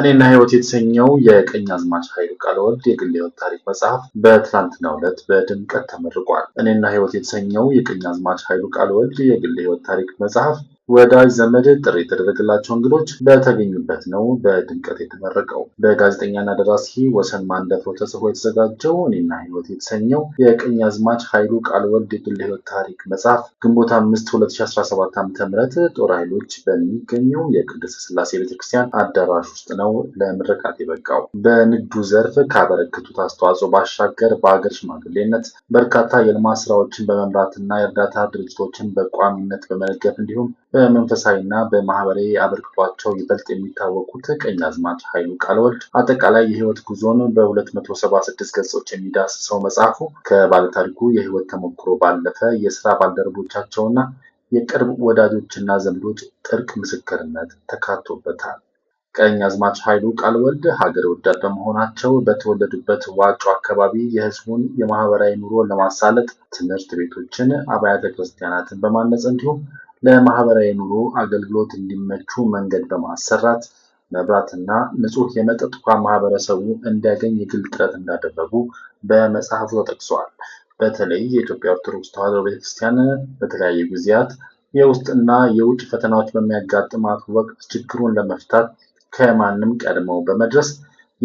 እኔና ህይወት የተሰኘው የቀኝ አዝማች ኃይሉ ቃለወልድ የግል ሕይወት ታሪክ መጽሐፍ በትላንትናው ዕለት በድምቀት ተመርቋል። እኔና ህይወት የተሰኘው የቀኝ አዝማች ኃይሉ ቃለወልድ የግል ህይወት ታሪክ መጽሐፍ ወዳጅ ዘመድ ጥሪ የተደረገላቸው እንግዶች በተገኙበት ነው በድምቀት የተመረቀው። በጋዜጠኛና ደራሲ ወሰን ማንደፍሮ ተጽፎ የተዘጋጀው እኔና ህይወት የተሰኘው አዝማች ኃይሉ ቃል ወልድ የግል ህይወት ታሪክ መጽሐፍ ግንቦት አምስት 2017 ዓ ም ጦር ኃይሎች በሚገኘው የቅድስት ስላሴ ቤተክርስቲያን አዳራሽ ውስጥ ነው ለምርቃት የበቃው። በንግዱ ዘርፍ ካበረከቱት አስተዋጽኦ ባሻገር በሀገር ሽማግሌነት በርካታ የልማት ስራዎችን በመምራትና የእርዳታ ድርጅቶችን በቋሚነት በመለገፍ እንዲሁም በመንፈሳዊና በማህበራዊ አበርክቷቸው ይበልጥ የሚታወቁት አዝማች ኃይሉ ቃለወልድ አጠቃላይ የህይወት ጉዞን በ276 ገጾች የሚዳስሰው መጽሐፉ ከባለታሪኩ የህይወት ተሞክሮ ባለፈ የስራ ባልደረቦቻቸውና የቅርብ ወዳጆችና ዘመዶች ጥርቅ ምስክርነት ተካቶበታል። ቀኝ አዝማች ኃይሉ ቃለወልድ ሀገር ወዳድ በመሆናቸው በተወለዱበት ዋጮ አካባቢ የህዝቡን የማህበራዊ ኑሮ ለማሳለጥ ትምህርት ቤቶችን፣ አብያተ ክርስቲያናትን በማነጽ እንዲሁም ለማህበራዊ ኑሮ አገልግሎት እንዲመቹ መንገድ በማሰራት መብራትና ንጹህ የመጠጥ ውሃ ማህበረሰቡ እንዲያገኝ የግል ጥረት እንዳደረጉ በመጽሐፉ ተጠቅሰዋል። በተለይ የኢትዮጵያ ኦርቶዶክስ ተዋሕዶ ቤተክርስቲያን በተለያዩ ጊዜያት የውስጥና የውጭ ፈተናዎች በሚያጋጥማት ወቅት ችግሩን ለመፍታት ከማንም ቀድመው በመድረስ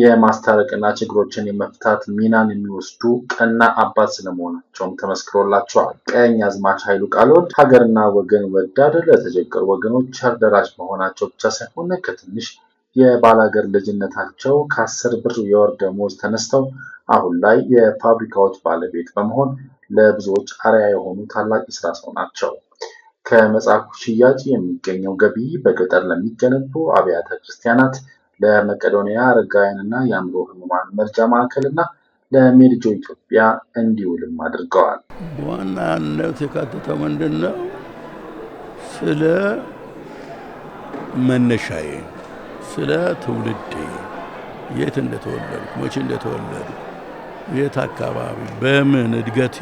የማስታረቅና ችግሮችን የመፍታት ሚናን የሚወስዱ ቀና አባት ስለመሆናቸውም ተመስክሮላቸዋል። ቀኝ አዝማች ኃይሉ ቃልወልድ ሀገርና ወገን ወዳድ ለተቸገሩ ወገኖች ቸር መሆናቸው ብቻ ሳይሆን ከትንሽ የባላገር ልጅነታቸው ከአስር ብር የወር ደሞዝ ተነስተው አሁን ላይ የፋብሪካዎች ባለቤት በመሆን ለብዙዎች አርያ የሆኑ ታላቅ የስራ ሰው ናቸው። ከመጽሐፉ ሽያጭ የሚገኘው ገቢ በገጠር ለሚገነቡ አብያተ ክርስቲያናት ለመቄዶንያ አረጋውያንና የአእምሮ ህሙማን መርጃ ማዕከልና ለሜድጆ ኢትዮጵያ እንዲውልም አድርገዋል። በዋናነት የካተተው ምንድን ነው? ስለ መነሻዬ፣ ስለ ትውልዴ፣ የት እንደተወለድኩ፣ መቼ እንደተወለድኩ፣ የት አካባቢ፣ በምን እድገቴ